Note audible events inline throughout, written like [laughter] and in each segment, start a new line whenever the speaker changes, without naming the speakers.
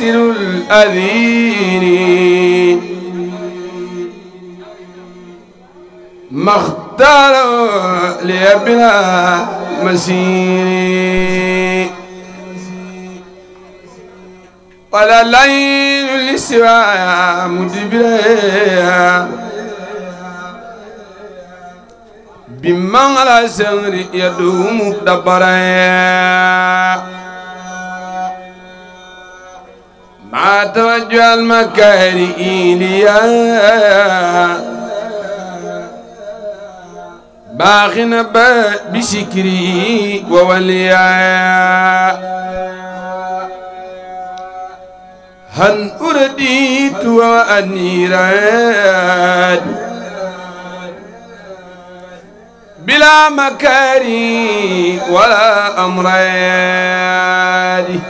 يغسل الأذين ما اختار ليبنى مسيري ولا ليل لسوايا مدبريا بمن على سنر يدوم دبريا ترجع المكاره إيليا باخنا بشكري ووليا هن أرديت وأني راد بلا مكاري ولا أمراد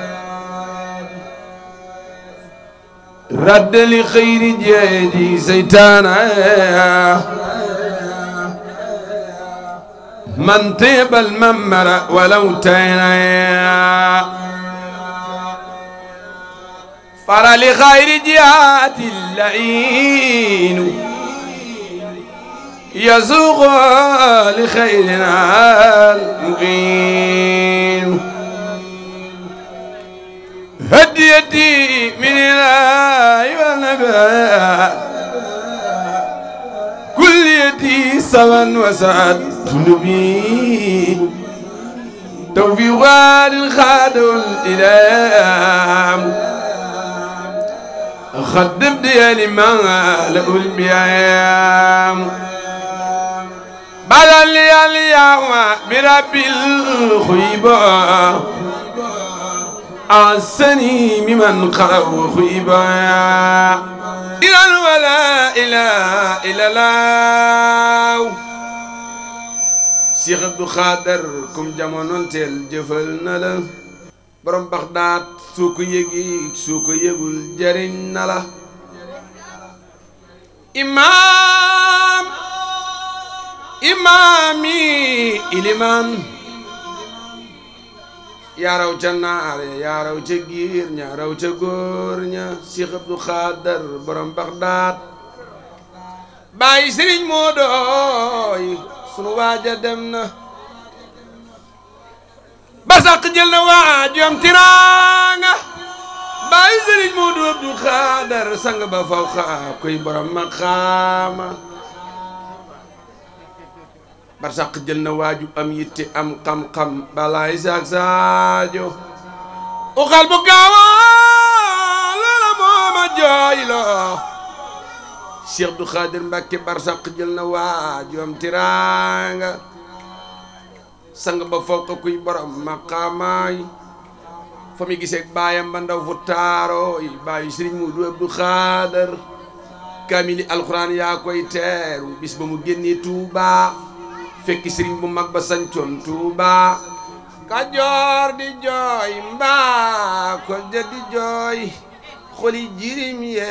رد لخير جيدي سيتانا من طيب الممر ولو تينا
فر لخير
جهات اللعين يزوغ لخيرنا المؤين هديتي من الله والنبي كل يدي سوا وسعد ذنوبي توفي وال الخاد الإلام خدم ديالي ما لأول بيام بلا لي اليوم بربي الخيبه أعزني ممن خلق وخيبا إلى الولا إلى إلى لاو Cheikh Abdou Khader kum jamonoon teel na la borom Baxdaat soo ko yëgi soo jariñ na la imaam ilimaan yaa raw ca naar ya yaa raw ca giir ña ca góor ña Cheikh Abdou Khader borom Baxdaad bàyyi sëriñ moo dooy sunu waaja dem na basaq jël na waaj yom tiraanga bàyyi sëriñ moo doo Abdou Khader sang ba faw xaa kuy borom ma xaama barsàq jël na waaju am yitte am xam-xam balaay saak saajo uxal bu gaawa loola mooma jooy loo Cheikh Abdou Khadir jël na waaju am tiraanga sang ba fonk kuy borom maqaamaay fa mu gisee baayam ba ndaw yi baayu Serigne Modou Abdou Khadir kaamili alxuraan yaa koy teeru bis ba mu génnee Tuubaa fekki sëriñ bu mag ba sancoon Tuuba Kajoor di jooy mbaa Kolda di jooy xoli jirim yeey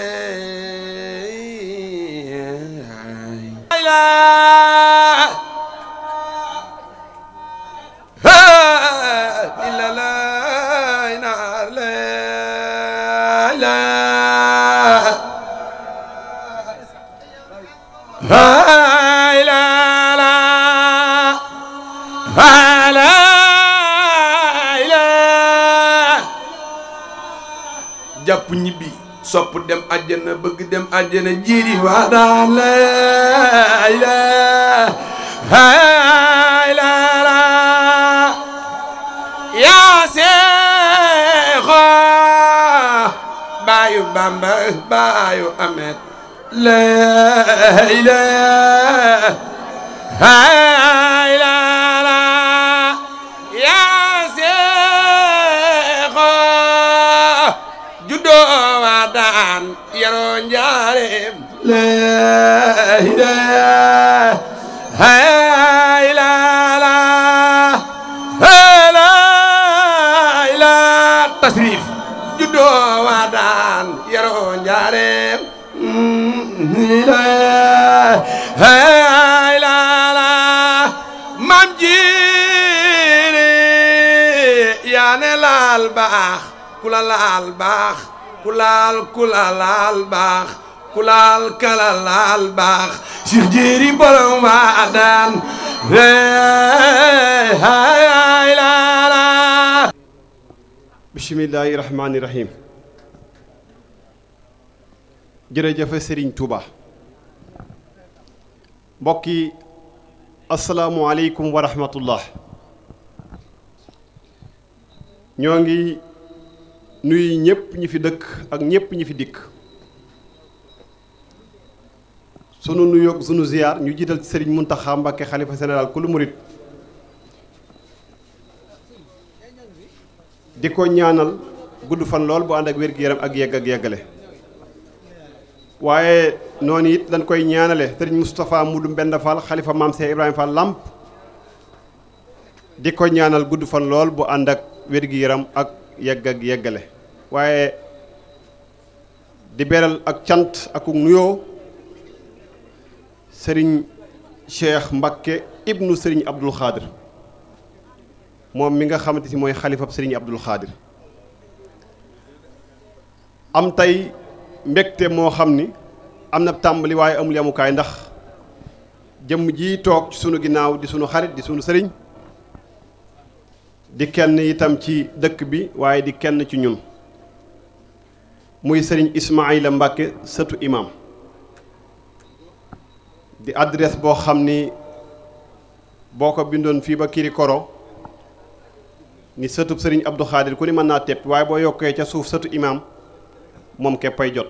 jàpp ñibbi sopp dem a àjjana bëgg dem àjjana jiiri waa daa laa ilaaha la yaa seexo juddoo waa daan yaroo njaareem laa ilaaha illallah laa ilaaha tasrif juddoo laa mam jiiri yaa ne laal baax ku la laal baax ku laal ku la laal baax ku laal kala laal baax Cheikh Jéeri borom
waa daan eh, ay laala bismillaahi rahmaani rahiim jërëjëfe Sëriñ Tuuba mbokk yi asalaamualeykum wa rahmatullah nuy ñëpp ñi fi dëkk ak ñépp ñi fi dikk sunu nuyoog sunu ziyaar ñu jiital ci sëriñ Muntaxa Mbàkke xalifa général kulu murit di ko ñaanal gudd fan lool bu ànd ak wér yaram ak yegg ak yeggale waaye noonu it dañ koy ñaanale sëriñ Moustapha Mudu Mbend Fall xalifa maam Seex Ibrahima Fall Lamp di ko ñaanal gudd fan lool bu ànd ak wér yaram ak yegg ak yeggale waaye di beral ak cant ak nuyoo sëriñ Cheikh Mbakke ibnu sëriñ Abdul Xaadir moom mi nga xamante si mooy xalifa sëriñ Abdul Xaadir am tey mbégte moo xam ni am na tàmbali waaye amul yamukaay ndax jëmm ji toog ci sunu ginnaaw di sunu xarit di sunu sëriñ di kenn itam ci dëkk bi waaye di kenn ci ñun muy sëriñ Ismaïla Mbàkke sëtu imaam di adresse boo xam ni boo ko bindoon fii ba koro ni sëtub sëriñ Abdou Khadir ku ni mën naa tepp waaye boo yokkee ca suuf sëtu imaam moom keppay jot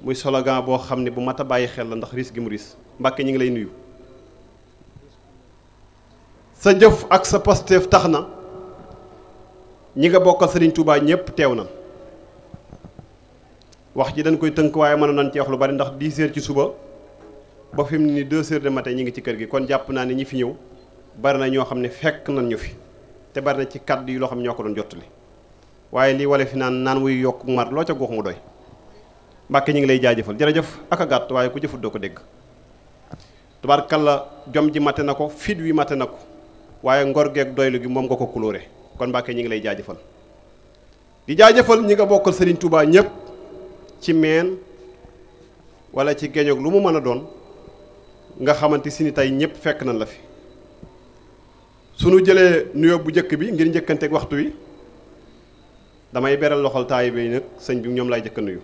muy slogan boo xam ne bu mat a bàyyi xel la ndax ris gi mu ris Mbàkke ñi ngi lay nuyu sa jëf ak sa pasteef tax na ñi nga bokkal sëriñ Touba ñépp teew na wax ji dañ koy tënk waaye mën nañ ci wax lu bari ndax 10 heures ci suba ba fi mu ne de matin ñi ngi ci kër gi kon jàpp naa ne ñi fi ñëw bari na ñoo xam ne fekk nañ ñu fi te bari na ci kàdd yi loo xam ñoo ko doon jottali waaye lii wala fi naan naan wuy yokk mar loo ca guux mu doy Mbàkke ñu ngi lay jaajëfal jërëjëf ak a gàtt waaye ko dégg tubaarkalla jom ji mate na ko fit wi mate na ko waaye ngor geeg doylu gi moom nga ko kulóore kon ñu ngi lay jaajëfal di jaajëfal ñi nga bokkal Serigne Touba ñëpp. ci meen wala ci geñoog lu mu mën a doon nga xamante si ni tey ñëpp fekk nañ la fi sunu jëlee nuyoo bu njëkk bi ngir njëkkanteeg waxtu wi damay beral loxol taalibe yi nag sëñ bi ñoom lay jëkk nuyu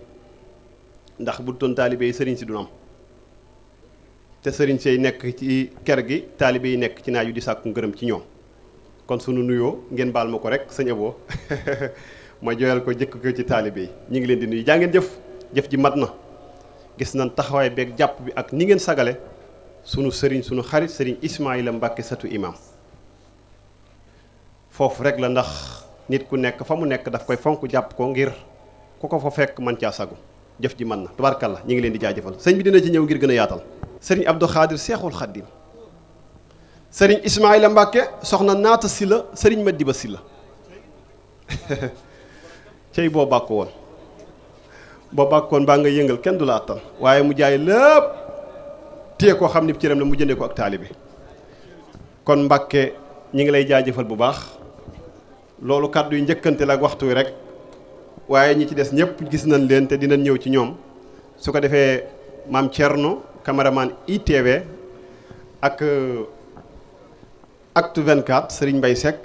ndax bu doon taalibe sëriñ si du am te sëriñ say nekk ci ker gi taalibe yi nekk ci naaju di sàkku ngërëm ci ñoom kon sunu nuyoo ngeen baal ma ko rek sëñ Abo [laughs] ma jooyal ko jëkk ko ci taalibe yi ñu ngi leen di nuyu jaa ngeen jëf. jëf ji mat na gis nañ taxawaay beeg jàpp bi ak ni ngeen sagale sunu sëriñ sunu xarit sëriñ Ismaayila Mbàkke satu imaam foofu rek la ndax nit ku nekk fa mu nekk daf koy fonk jàpp ko ngir ku ko fa fekk man caa sagu jëf ji mën na la ñu ngi leen di jëfal sëñ bi dina ci ñëw ngir gën a yaatal sëriñ Abdou Xaadir Seexul Xaddim sëriñ Ismaayila Mbàkke soxna naata si la sëriñ Madiba si la [laughs] cey boo bàkk woon boo bàkkoon baa nga yëngal kenn du la attan waaye mu jaay lépp téye koo xam ne cëram la mu jëndee ko ak taali bi kon Mbàkke ñi ngi lay jaajëfal bu baax loolu kàddu yu njëkkante la ak waxtu wi rek waaye ñi ci des ñëpp gis nañ leen te dinañ ñëw ci ñoom su ko defee maam Thierno caméraman ITV ak acte 24 Serigne mbay Seck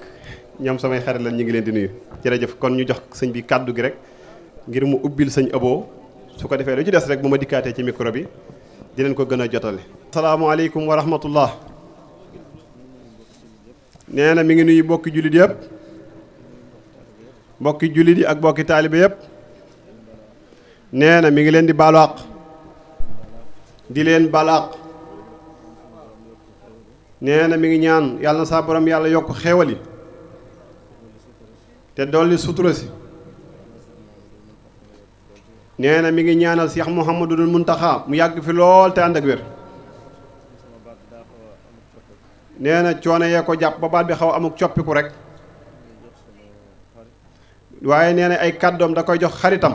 ñoom samay xarit la ñu ngi leen di nuyu jërëjëf kon ñu jox sëñ bi kàddu gi rek. ngir mu ubbil sañ Abo su ko defee lu ci des rek bu ma dikkaatee ci micro bi dinañ ko gën a jotale. asalaamaaleykum wa rahmatullah nee na mi ngi nuyu bokki jullit yépp bokki jullit yi ak bokki taalibe yëpp nee na mi ngi leen di baalu di leen baalu àq nee na mi ngi ñaan yàlla na saa borom yàlla yokk xéewal te dolli sutura si. nee na mi ngi ñaanal Cheikh Mouhamadul Muntaxa mu yàgg fi lool te ànd ak wér. nee na coono yee ko jàpp ba baat bi xaw amuk coppiku rek waaye nee na ay kàddoom da koy jox xaritam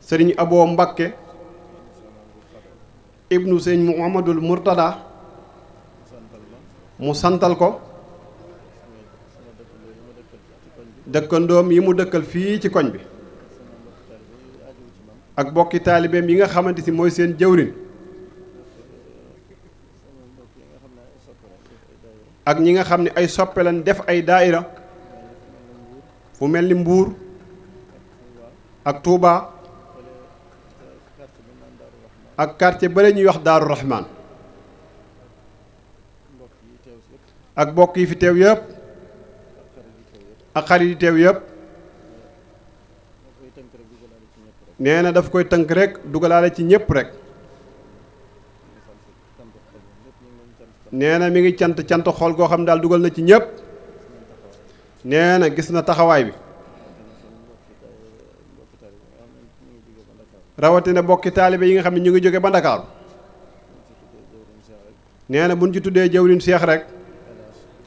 sëriñ Aboo Mbakke ibnu sëriñ Muhammadul Murtada mu santal ko dëkkandoom yi mu dëkkal fii ci koñ bi ak bokki taalibeem yi nga xamante si mooy seen jëwrin ak ñi nga xam ni ay soppe lañ def ay daayira fu mel ni mbuur ak tuuba ak quartier bële ñuy wax Daaru Rahman ak bokk fi teew yëpp ak xarit yi teew yëpp nee na daf koy tënk rek dugalaale ci ñëpp rek nee na mi ngi cant cant xool goo xam daal dugal na ci ñépp nee na gis na taxawaay bi rawatina bokki taalibe yi nga xam ne ñu ngi jóge ba Ndakaaru nee na buñ ci tuddee jëwriñ seex rek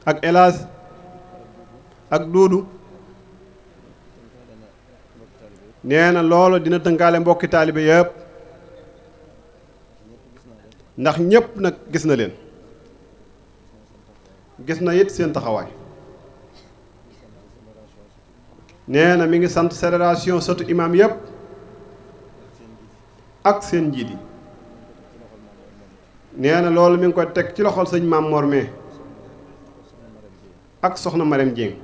ak elaas ak duudu nee na loolu dina tëngaale mbokki taalibe yépp ndax ñépp nag gis na leen gis na it seen taxawaay nee na mi ngi sant fédération sëtu imaam yépp ak seen njiit yi nee na loolu mi ngi ko teg ci loxol sëñ maam Morme ak soxna Marème Dieng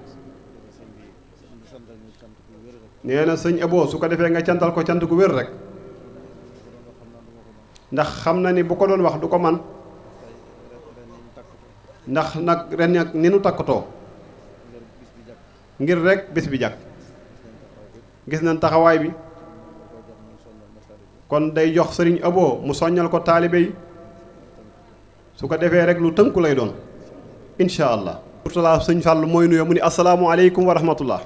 nee na sëñ Ebo su ko defee nga cantal ko cant ku wér rek ndax xam na ni bu ko doon wax du ko man ndax nag ren nag ni nu takkatoo ngir rek bés bi jàkk gis nañ taxawaay bi kon day jox sëriñ Abo mu soññal ko taalibe yi su ko defee rek lu tënku lay doon incha allah. Murtala sëñ Fàll mooy nuyoo mu ni asalaamualeykum wa rahmatullah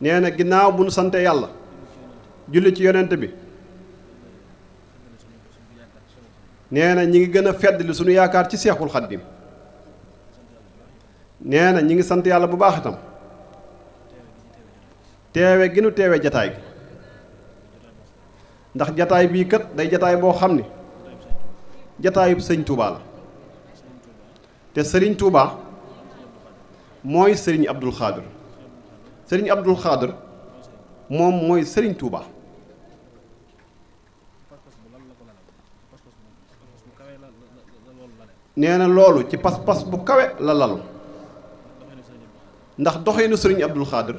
nee na ginnaaw bu nu sante yàlla julli ci yonent bi nee na ñi ngi gën a fedd li suñu yaakaar ci seexul xaddim nee na ñi ngi sant yàlla bu baax itam teewe gi nu teewe jataay gi ndax jataay bii kat day jataay boo xam ne jataayub sëñ Touba la te sëriñ tuuba mooy sëriñ Abdul Xaadir sëriñ Abdul Xaadir moom mooy sëriñ Touba nee na loolu ci pas-pas bu kawe la lalu ndax doxinu sëriñ Abdul Xaadir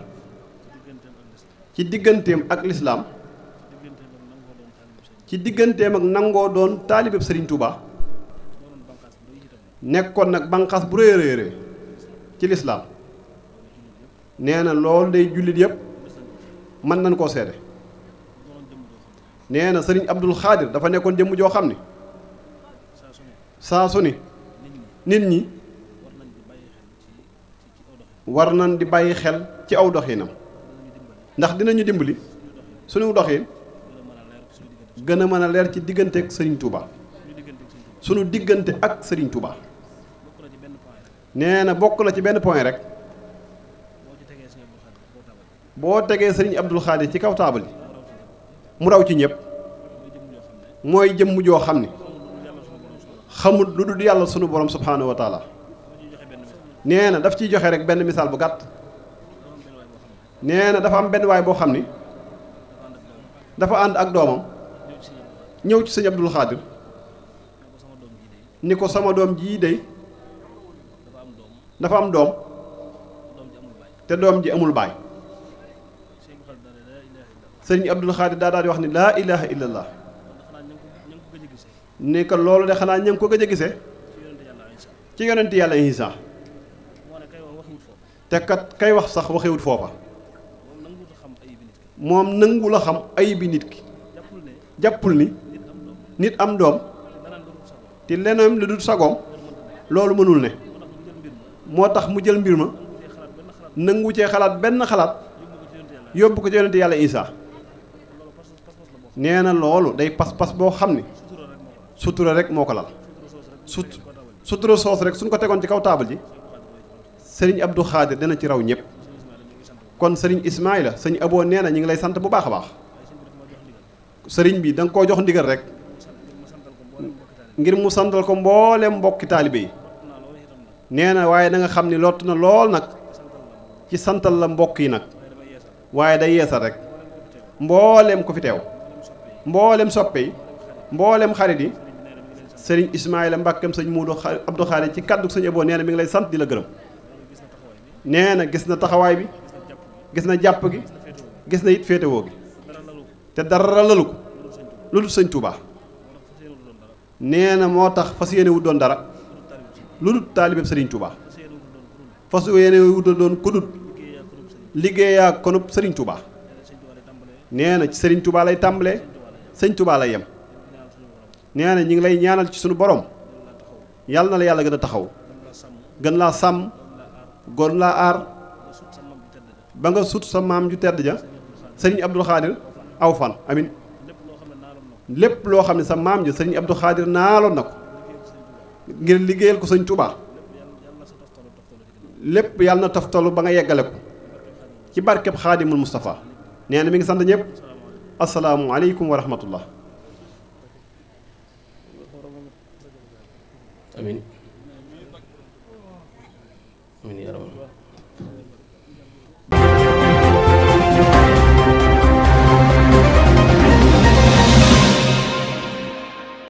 ci digganteem ak lislaam ci digganteem ak nangoo doon taalibeeb sëriñ Touba nekkoon nag banqaas bu réeréeré ci lislaam nee na lool day jullit yëpp mën nañ koo seede nee na sëriñ Abdul Xaadir dafa nekkoon jëmm joo xam ne saa su ne nit ñi war nañ di bàyyi xel ci aw doxinam ndax dinañu dimbali suñu doxin gën a mën a leer ci diggante ak sëriñ Touba suñu diggante ak sëriñ Touba nee na bokk na ci benn point rek. boo tegee sëriñ Abdul Xaadir ci kaw taabal mu raw ci ñépp mooy jëmm joo xam ne xamul lu dul yàlla sunu borom subhaanahu wa nee na daf ciy joxe rek benn misaal bu gàtt nee na dafa am benn waay boo xam ni dafa ànd ak doomam ñëw ci sëñ Abdul Xaadir ni ko sama doom jii dey dafa am doom te doom ji amul baay sëriñ Abdul Xaadir daa daal di wax ni laa ilaha illallah ni ko loolu de xanaa ña ko gëj a gisee ci yonent yàlla Isa te kat kay wax sax waxewut foofa moom nangu la xam ay bi nit ki jàppul ni nit am doom te leneen lu dul sagoom loolu mënul ne moo tax mu jël mbir ma nangu cee xalaat benn xalaat yóbbu ko ci yonent yàlla Isa nee na loolu day pas-pas boo xam ne sutura rek moo ko lal sut sutura soos rek suñ ko tegoon ci kaw taabal ji sëriñ Abdou Khadir dana ci raw ñëpp kon sëriñ la sëñ aboo nee na ñu ngi lay sant bu baax a baax sëriñ bi danga nga koo jox ndigal rek ngir mu santal ko mbooleem mbokki taalibe yi nee na waaye da xam ni lott na lool nag ci santal la mbokk yi nag waaye day yeesal rek mbooleem ko fi teew mboolem soppe yi mboolem xarit yi sëriñ Ismaayla Mbàkkeem sëñ Muudu Abdu Xaadir ci kàddu sëñ Ebo nee na mi ngi lay sant di la gërëm nee na gis na taxawaay bi gis na jàpp gi gis na it féetewoo gi te dara lalu ko lu dul sëñ tubaa nee na moo tax fas yéene wut doon dara lu dul taalibeeb sëriñ tubaa fas yéene wut doon ku liggéeyaa konub sëriñ Touba nee na ci sëriñ tubaa lay tàmbalee. sëñ Touba lay yem nee na ñu ngi lay ñaanal ci sunu borom yàlla na la yàlla gën a taxaw gën laa sàmm gën laa aar ba nga sut sa maam ju tedd ja sëriñ Abdou Khadir aw amin lépp loo xam ne sa maam ja sëriñ Abdou Khadir naaloon na ko ngir liggéeyal ko sëñ Touba lépp yàlla na taftalu ba nga yeggale ko ci barkeb Xaadimul Moustapha nee mi ngi sant ñëpp. asalaamualeykum wa rahmatullah amin
amin